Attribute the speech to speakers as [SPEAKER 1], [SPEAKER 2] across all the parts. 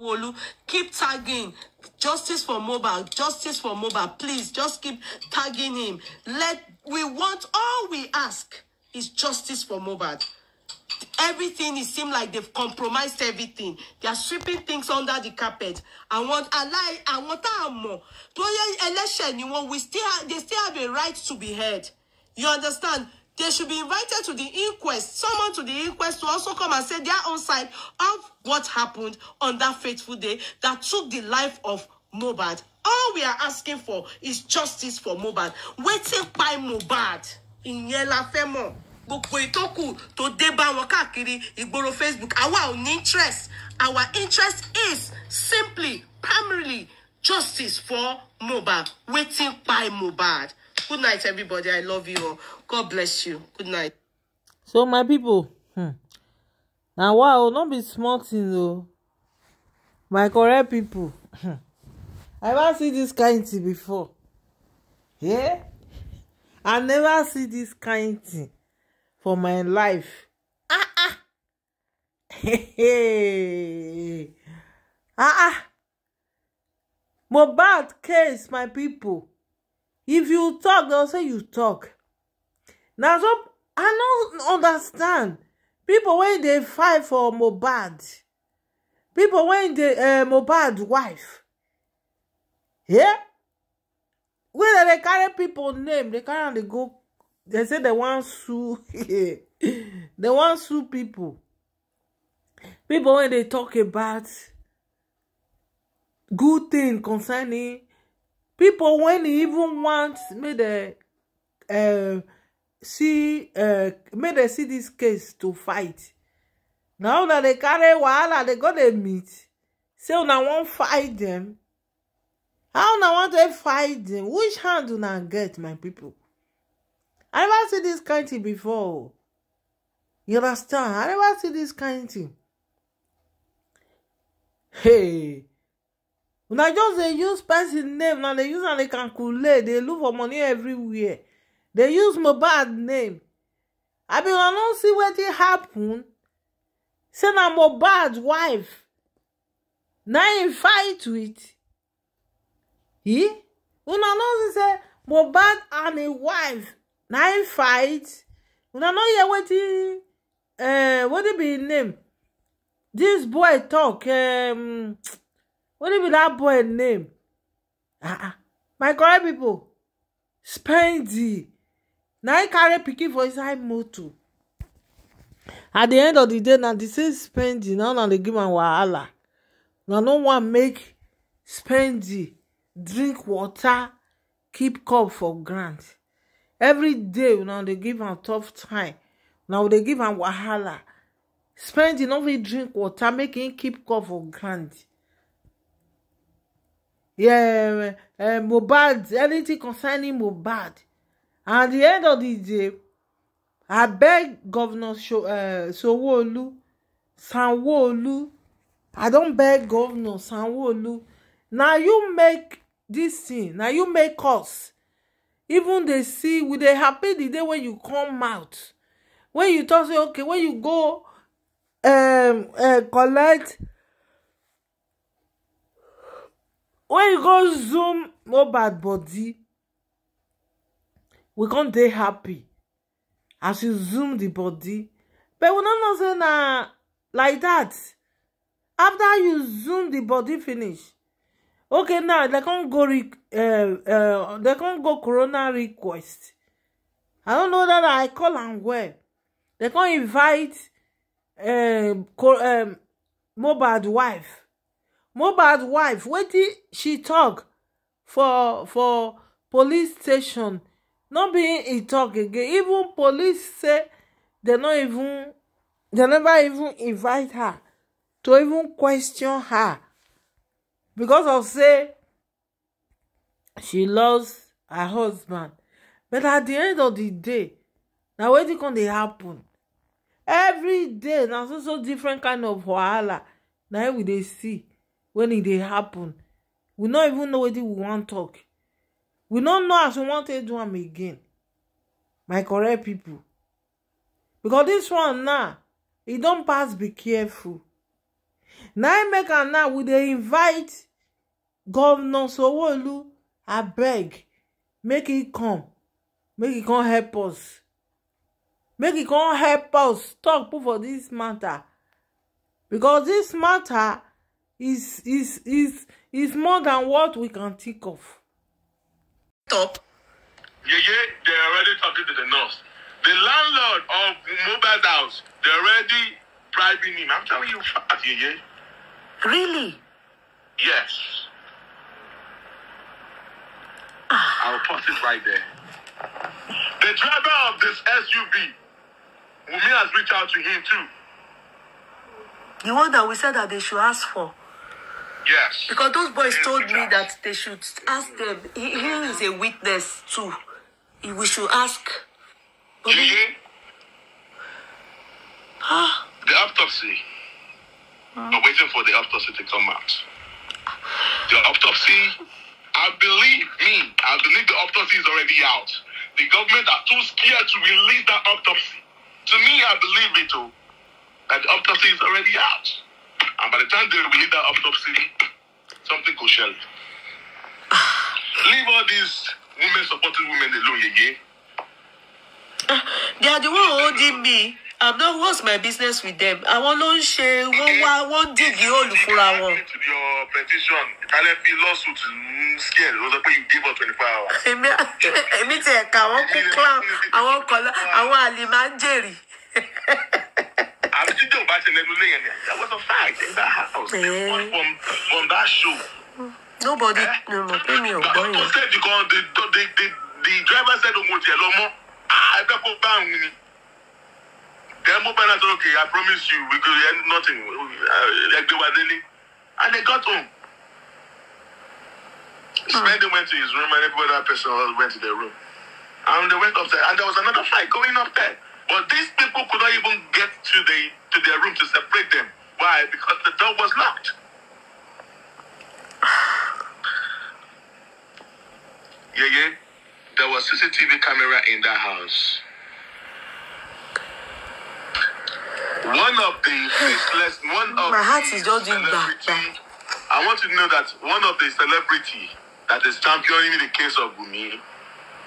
[SPEAKER 1] Wolu, keep tagging justice for Mohbad, justice for Mohbad. Please just keep tagging him. Let we want all we ask is justice for Mohbad. Everything it seems like they've compromised everything. They are sweeping things under the carpet. I want a lie I want more. Election, you want we still have, they still have a right to be heard. You understand? They should be invited to the inquest, someone to the inquest to also come and say their own side of what happened on that fateful day that took the life of Mobad. All we are asking for is justice for Mobad. Wetin pa Mobad. Ìyẹn la fẹ́ mọ̀. Gbogbo ìtókù tó dé bá wọn káàkiri ìgboro Facebook. Our ò interest. Our interest is simply, primarily, justice for Mobad. Wetin pa Mobad. Good night, everybody. I love you God bless you. Good night.
[SPEAKER 2] So, my people, hmm. now wow, not be small thing though. My correct people, hmm. I never see this kind thing before. Yeah? I never see this kind thing for my life. Ah ah. Hey, hey. Ah ah. Mohbad case, my people if you talk they'll say you talk na so i no understand people wey dey fight for mohbad People wey dey eh, mohbad wife yeah wey dem dey carry pipo name dey carry am dey go dem say dem wan sue dem wan sue people. People wey dey talk about good thing concerning people when they even want may they uh, see uh, may they see this case to fight now that they carry wahala they go dey meet say una wan fight them. how now want to fight them? which hand do una get my people i never see this kind thing before you understand i never see this kind thing hey una just dey use person name na dey use am dey calculate dey look for money everywhere dey use mohbad name i bin una no see wetin happen say na mohbad wife na im fight with e una no see say mohbad and im wife na im fight una no hear wetin uh, wetin be im name dis boy talk. um, wetin be dat boy name ah ah my correct pipo spendy. na him carry pikin for inside motor at di end of di day na di same spendy. na una dey give am wahala na no wan make spendy drink water keep cup for ground every day una dey give am tough time una dey give am wahala Spendy, no fit drink water make him keep cup for ground yeah, uh, Mohbad, anything concerning Mohbad. And at the end of the day, I beg Governor Sho uh, eh, Sanwo-Olu, Sanwo-Olu, I don beg Governor Sanwo-Olu. Na you make this thing, na you make us. Even they see, we dey happy the day when you come out. When you talk, say, okay, when you go um, uh, collect When you go zoom bad body we con dey happy as you zoom the body but we no know say na like that. after you zoom the body finish okay now they con go Uh, uh, they go corona request i don't know whether i call am well They con invite Uh, um mohbad wife mohbad wife wetin she tok for for police station no be e tok again even police say dem no even dem never even invite her to even question her because of say she lost her husband but at di end of di day na wetin con dey happen every day na so so different kind of wahala na we dey see When it dey happen we no even know wetin we wan talk we no know as we wan take do am again my correct people. because this one now e don pass be careful na im make am now we dey invite govnor sowolu abeg make e come make e come help us make e come help us talk put for this matter, because this matter. is is is is more than what we can think of. Stop. Yeah, yeah, they're already talking to the nurse. The
[SPEAKER 3] landlord of mobile house, they're already bribing him. I'm telling you, fact, yeah,
[SPEAKER 1] yeah. Really? Yes. Ah.
[SPEAKER 3] I'll post it right there. The driver of this SUV, Wumi has reached out to him too.
[SPEAKER 1] The one that we said that they should ask for. Yes. Because those boys told me that they should ask them. He, he is a witness too. We should ask. Gigi,
[SPEAKER 3] huh? the autopsy. Huh? I'm waiting for the autopsy to come out. The autopsy, I believe me, I believe the autopsy is already out. The government are too scared to release that autopsy. To me, I believe it too. That the autopsy is already out. And by the time they hit that autopsy, something could shell. Leave all these women supporting women alone again.
[SPEAKER 1] Ah, they are the one holding me. I'm not what's my business with them. I want Àwọn ló ń ṣe wọ́n wá wọ́n dìgì òòlù fúnra wọn. Your
[SPEAKER 3] petition Kalefi lawsuit ń scare ló sọ pé you give up twenty four hours. Èmi
[SPEAKER 1] èmi ti ẹ̀ka àwọn kú clown àwọn kọ̀ọ̀lọ́ àwọn àlè máa ń Jerry
[SPEAKER 3] tí jẹ́ òbá ṣe lẹ́nu lẹ́yìn ni was a fight in that house
[SPEAKER 1] eh. on, from,
[SPEAKER 3] from that show.
[SPEAKER 1] nobody no mo pé mi ò gbọ́ yẹn. but
[SPEAKER 3] the the the the driver said ohun tiẹ̀ lọ mọ́ ah, ẹgbẹ́ kó bá òun ni. then mo bẹ́ẹ̀ náà sọ okay I promise you we could end nothing eh, ẹgbẹ́ wa délé and they got home. Hmm. Spendy went to his room and every other person went to their room. And they went upstairs and there was another fight going up there. But these people could not even get to the to their room to separate them. Why? Because the door was locked. yeah, yeah. There was CCTV camera in that house.
[SPEAKER 1] One of the faceless, one of my heart is just doing that.
[SPEAKER 3] I want you to know that one of the celebrity that is championing the case of Wumi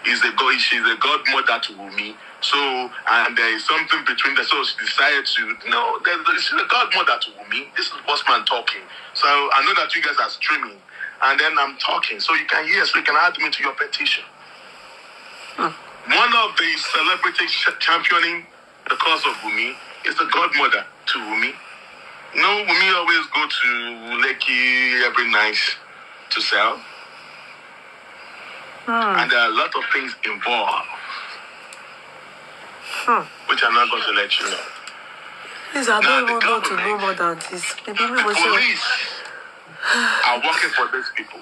[SPEAKER 3] is a god. is a godmother to Wumi. So, and there is something between the So she decided to, you know, there's a godmother to me. This is Bossman talking. So I know that you guys are streaming. And then I'm talking. So you can hear, so you can add me to your petition. Hmm. One of the celebrities championing the cause of Wumi is the godmother to Wumi. You no, know, Wumi always go to Lekki every night to sell. Hmm. And there are a lot of things involved. Hmm. Which I'm not going to let you know.
[SPEAKER 1] Please, I now, don't want to know more than this. The, people the police
[SPEAKER 3] are working for these people.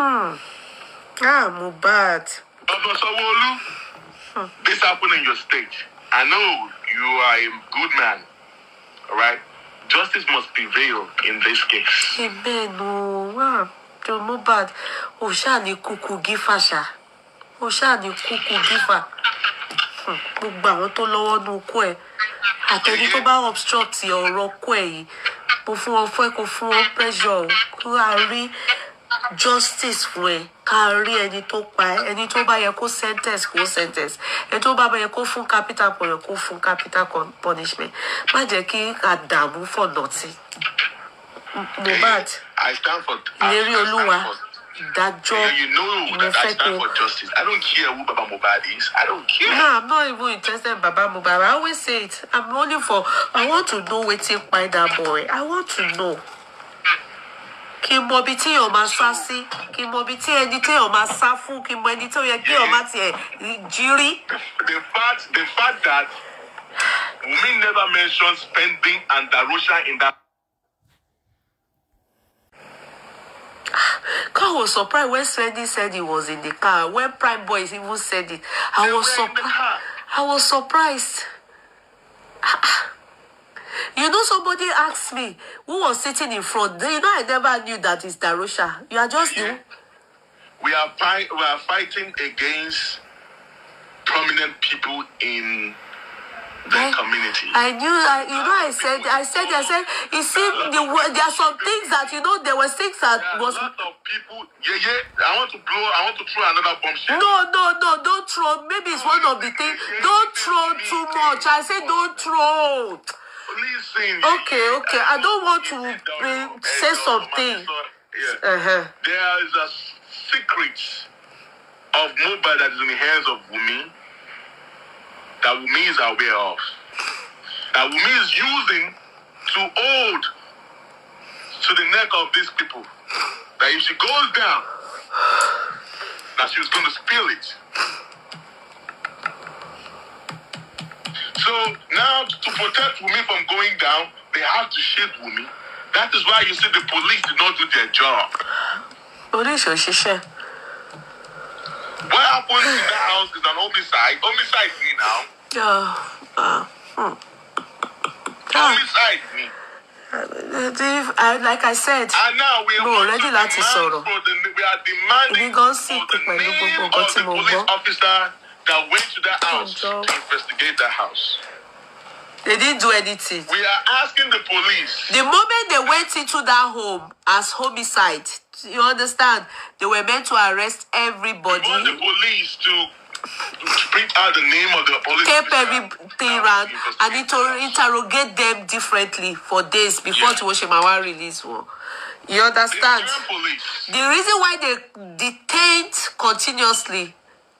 [SPEAKER 1] Hmm. Ah, Mubat.
[SPEAKER 3] Governor Sawolu, hmm. this happened in your state. I know you are a good man, all right? Justice must prevail in this case.
[SPEAKER 1] Amen. Oh, wow. John Mubat, Oshani Kuku Gifasha. Oshani Kuku Gifa. Hmm, gbogbo àwọn tó lọ́wọ́ nú okó ẹ̀ àtẹni tó bá obstruct ọ̀rọ̀ okó ẹ̀ yìí mo fún ọ fún ẹ kó fún ọ pressure kó a rí justice fún ẹ ká rí ẹni tó pa ẹ ẹni tó bá yẹ kó sentence kó sentence ẹni tó bá yẹ kó fún capital punishment kó fún capital punishment má jẹ́ kí àdààmú for nothing Mohbad ìlérí olúwa ìdájọ́ mo fẹ́ pé.
[SPEAKER 3] I don't care who Baba Mohbad is. I don't
[SPEAKER 1] care. No, I'm not even interested in Baba Mohbad. I always say it. I'm only for I want to know wetin kpai that boy. I want to know. kí n mọ ibi tí èèyàn máa sá sí kí n mọ ibi tí ẹni tí èèyàn máa sá fún kí n mọ ẹni tí ó yẹ kí èèyàn má tiẹ̀ jí The fact the fact that
[SPEAKER 3] Wunmi never mentioned spending and Darusha in that.
[SPEAKER 1] God was surprised when Sweden said he was in the car. When Prime Boys even said it, I they was surprised. I was surprised. You know, somebody asked me who was sitting in front. You know, I never knew that it's Darusha. You are just yeah.
[SPEAKER 3] We are, we are fighting against prominent people in the community.
[SPEAKER 1] I knew, I, you know, I said, I said, I said, you see, the, there are some things that, you know, there were things that was. A lot of people, yeah, yeah, I want to blow, I want to throw another bombshell. No, no, no, don't throw. Maybe it's one of the things. Don't throw too much. I said, don't throw. Listen. Okay, okay. I don't want to say something. Uh-huh.
[SPEAKER 3] There is a secret of mobile that is in the hands of women that means is aware of. That Wumi is using to hold to the neck of these people. That if she goes down, that she's going to spill it. So now to protect Wumi from going down, they have to shoot Wumi. That is why you see the police did not do their job.
[SPEAKER 1] Police ò ṣiṣẹ́.
[SPEAKER 3] What happens in that house is an homicide. Homicide me now.
[SPEAKER 1] Oh, uh, hmm. Homicide me. I, like I said, and now we mo ready We are demanding. gan sì pè pẹ̀lú gbogbo nǹkan tí mo That went
[SPEAKER 3] to that oh, house to investigate that house.
[SPEAKER 1] They didn't do anything. We are asking the police. The moment they went into that home as homicide, You understand? They were meant to arrest everybody. They the police to print out the name of the police. Keep everything around and inter- interrogate them differently for days before yeah. Tiwoshimawa release one. You understand? The reason why they detained continuously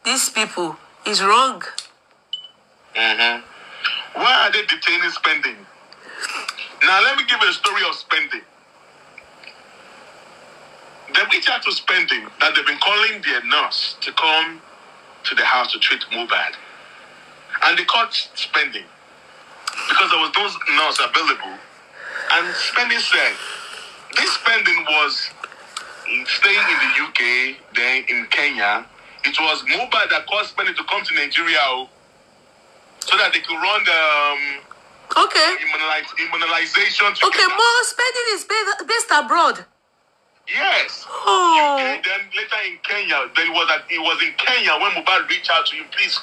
[SPEAKER 1] these people is wrong.
[SPEAKER 3] Mm-hmm. Why are they detaining spending? Now let me give you a story of spending. They reached out to spending that they've been calling their nurse to come to the house to treat Mubad. And they caught spending because there was those nurse available. And spending said, this spending was staying in the UK, then in Kenya. It was Mubad that caused spending to come to Nigeria oh. so that they could run the um, okay immuniz- immunization. Okay,
[SPEAKER 1] more spending is based abroad.
[SPEAKER 3] Yes. Oh. UK, then later in Kenya, then it was at, it was in Kenya when Mubarak reached out to him, please.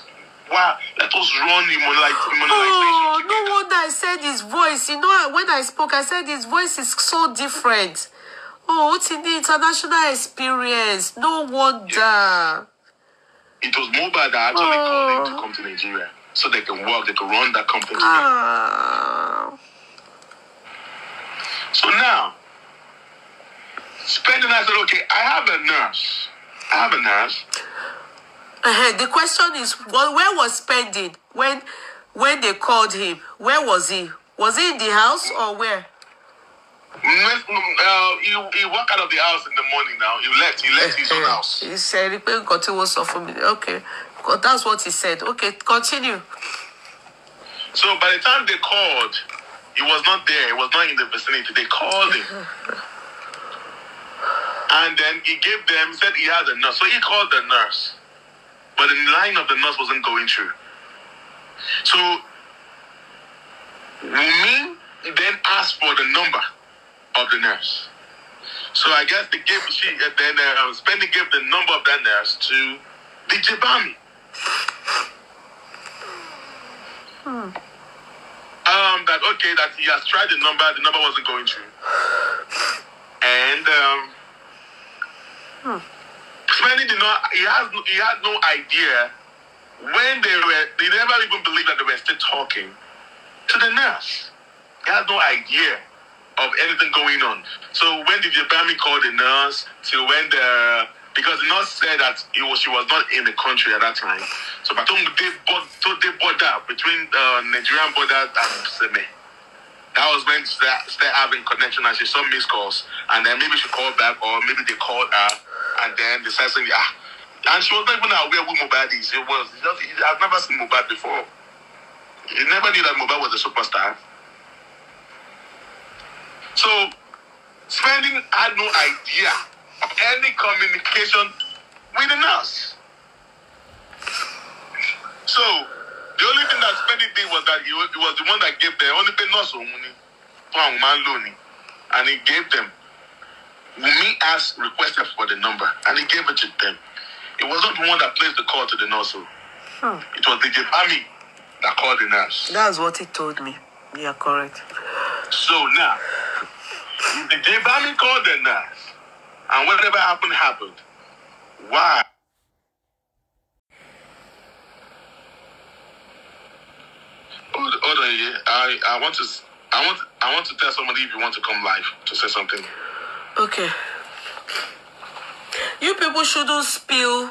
[SPEAKER 3] Wow, let us run immunization. Oh,
[SPEAKER 1] no wonder I said his voice. You know, when I spoke, I said his voice is so different. Oh, what's in the international experience. No wonder. It was Mobile that actually oh. called him
[SPEAKER 3] to come to Nigeria so they can work, they can run that company. Ah. So now,
[SPEAKER 1] spending. I said, okay, I have a nurse. I have a nurse. Uh-huh. The question is, well, where was spending when when they called him? Where was he? Was he in the house or where? Uh, he, he walked out of the house in the morning now. He left. He left his own eh, eh, house. He said, "Got to was for me." Okay, well, that's what he said. Okay, continue.
[SPEAKER 3] So by the time they called, he was not there. He was not in the vicinity. They called him. And then he gave them, said he had a nurse. So he called the nurse. But the line of the nurse wasn't going through. So
[SPEAKER 1] Wumi
[SPEAKER 3] then asked for the number of the nurse. So I guess the gave she uh, then uh, Spendy gave the number of that nurse to the Jibami. Hmm. Um, that okay, that he has tried the number, the number wasn't going through. And um, Hmm. Smelly did not. He has. He had no idea when they were. They never even believed that they were still talking to the nurse. He had no idea of anything going on. So when did your family call the nurse? To when the because the nurse said that it was, she was not in the country at that time. So Batum they bought so they border between uh, Nigerian border and Seme. That was when they started having connection and she saw missed calls and then maybe she called back or maybe they called her and then decided to, ah. And she was not even aware who Mobad is. It was just, it, I've never seen mobile before. He never knew that mobile was a superstar. So, Spending had no idea of any communication within us. So, the only thing that Spending did was that he was, he was the one that gave the only thing not so money, and he gave them. Wumi asked, requested for the number, and he gave it to them. It wasn't the one that placed the call to the nurse.
[SPEAKER 1] Oh. It was the me that called the nurse. That's what he told me. You yeah, are correct.
[SPEAKER 3] So now, the Jebami called the nurse, and whatever happened, happened. Why? Hold, hold on, yeah. I, I want to I want I want to tell somebody if you want to come live to say something.
[SPEAKER 2] Okay.
[SPEAKER 1] You people shouldn't spill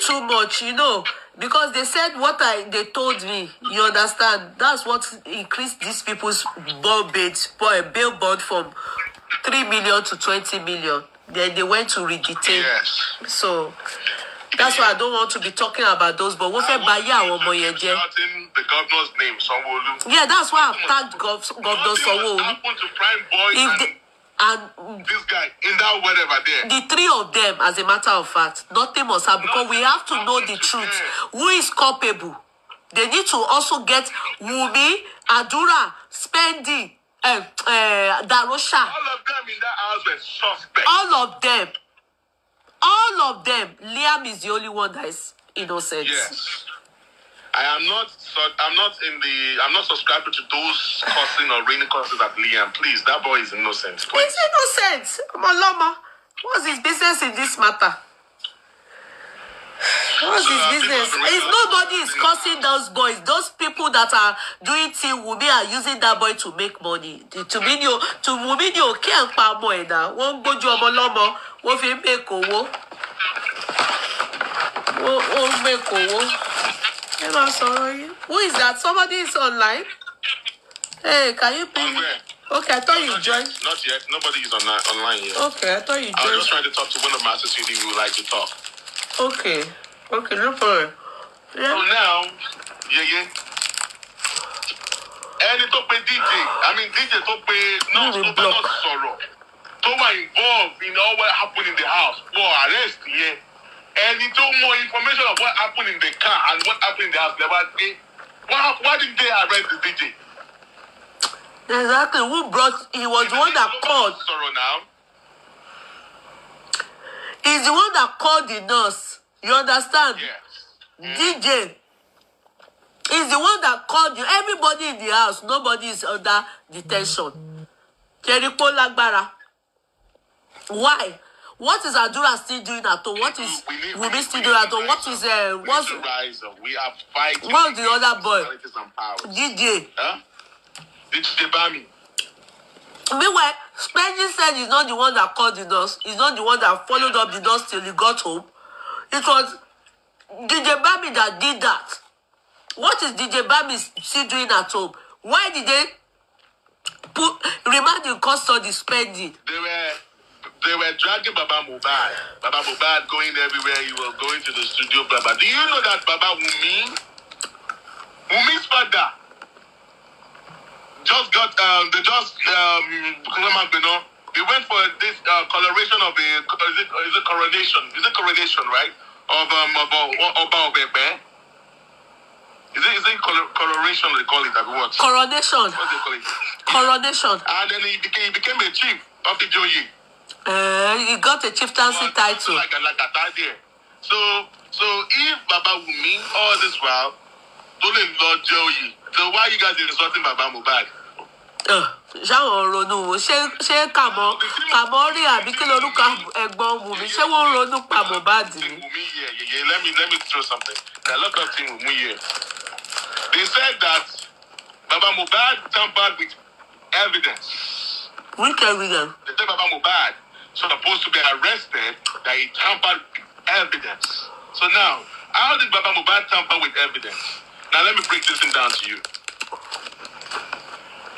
[SPEAKER 1] too much, you know, because they said what I they told me. You understand? That's what increased these people's bond a bail bond from three million to twenty million. Then they went to redetain. Yes. So that's why I don't want to be talking about those. But what about Yahweh Moyeje? The governor's name, sanwo Yeah, that's why I've tagged gov- Governor Sanwo-Olu. if they, and this guy in that whatever there. The three of them, as a matter of fact, nothing must happen because we have to know the truth. Who is culpable? They need to also get Wumi, Adura, Spendi, uh, uh, Darosha. All of them in that house were suspects. All of them. All of them. Liam is the only one that is innocent.
[SPEAKER 3] Yes. I am not. I'm not in the. I'm not subscribed to those cursing or raining curses at Liam. Please, that boy is innocent.
[SPEAKER 1] Please. He's innocent, Maloma. What's his business in this matter? What's his uh, business? It's nobody is cursing those boys. Those people that are doing thing Wumi are using that boy to make money. To mean you, to Wumi ni òkè ń pa ọmọ ẹ̀ náà. Wọ́n ń gbójú ọmọ lọ́mọ, wọ́n fi ń mẹ́kọ̀ọ́. Wọ́n ń mẹ́kọ̀ọ́ ẹ sorry. who is that somebody is online hey can you please. Okay, I thought you joined. Not
[SPEAKER 3] yet. Nobody is on, uh, online yet. Okay, I thought you joined. I was just trying to talk to one of my associates who would like to talk.
[SPEAKER 1] Okay. Okay, no problem.
[SPEAKER 3] Yeah. So now, yeah, yeah. Any tó pe DJ, I mean DJ tó pe no tó bá nurse sorrow. So wà involved in all what happened in the house, for arrest yẹn. Yeah ẹni tó mọ information of what happened in the car and what happened in the house never dey why why did they arrest the DJ.
[SPEAKER 1] exactly who brought he was the one that called he's the one that called the nurse you understand Yes. mm. DJ he's the one that called you everybody in the house nobody is under detention jericho lágbára why What is Adura still doing at home? What is Wumi still doing at home? What is uh, what's we are fighting? What's the other boy? DJ. Huh?
[SPEAKER 3] DJ Bami.
[SPEAKER 1] Meanwhile, Spencer said he's not the one that called the nurse. He's not the one that followed up the nurse till he got home. It was DJ Bami that did that. What is DJ Bami still doing at home? Why did they put remind the custody spending? They were
[SPEAKER 3] they were dragging Baba Mubad. Baba Mubad going everywhere. He was going to the studio. Baba, do you know that Baba Wumi, Wumi's father, just got um, they just um, you know, he went for this uh, coloration of a is it, is it coronation? Is it coronation right of um of uh, of Obebe? Is it is it coloration they call it? I mean, what?
[SPEAKER 1] Coronation. What do they call it? Coronation.
[SPEAKER 3] and then he became, he became a chief of the Joyi.
[SPEAKER 1] Uh, he got a chieftaincy title. Like, like a dad
[SPEAKER 3] there. So, so if Baba Wumi all this while, don't let Lord jail So why you guys insulting Baba
[SPEAKER 1] Mohbad? Eh, ṣáwọn ronú ṣé ṣé kàmọ kàmọ rí àbí kí lorúkọ ẹ̀gbọ́n Wumi ṣé wọn ronú pa Mohbad ni.
[SPEAKER 3] let me let me throw something na lot of things Wumi hear they said that Baba Mohbad tampered with evidence.
[SPEAKER 1] which evidence.
[SPEAKER 3] they say Baba Mohbad supposed to be arrested that he tampered with evidence. So now, how did Baba Mubad tamper with evidence? Now let me break this thing down to you.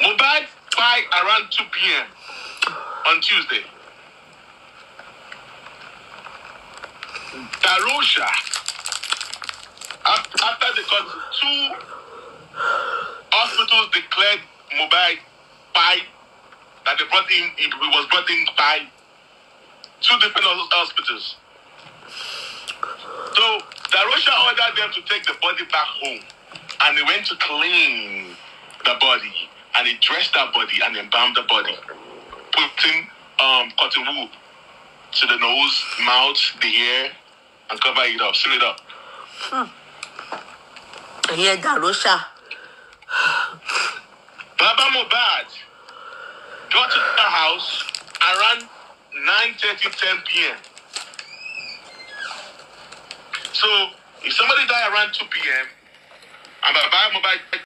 [SPEAKER 3] Mubad by around 2 p.m. on Tuesday. Darosha, after the got two hospitals declared Mubad by that they brought in, it was brought in by two different hospitals. So Darosha ordered them to take the body back home, and they went to clean the body, and they dressed that body and embalmed the body, putting um, cotton wool to the nose, mouth, the ear, and cover it up, seal it up.
[SPEAKER 1] Hmm. Yeah,
[SPEAKER 3] Baba Mubad got to the house and ran 9.30, 10 p.m. So if somebody die around 2 p.m., I'm a buy mobile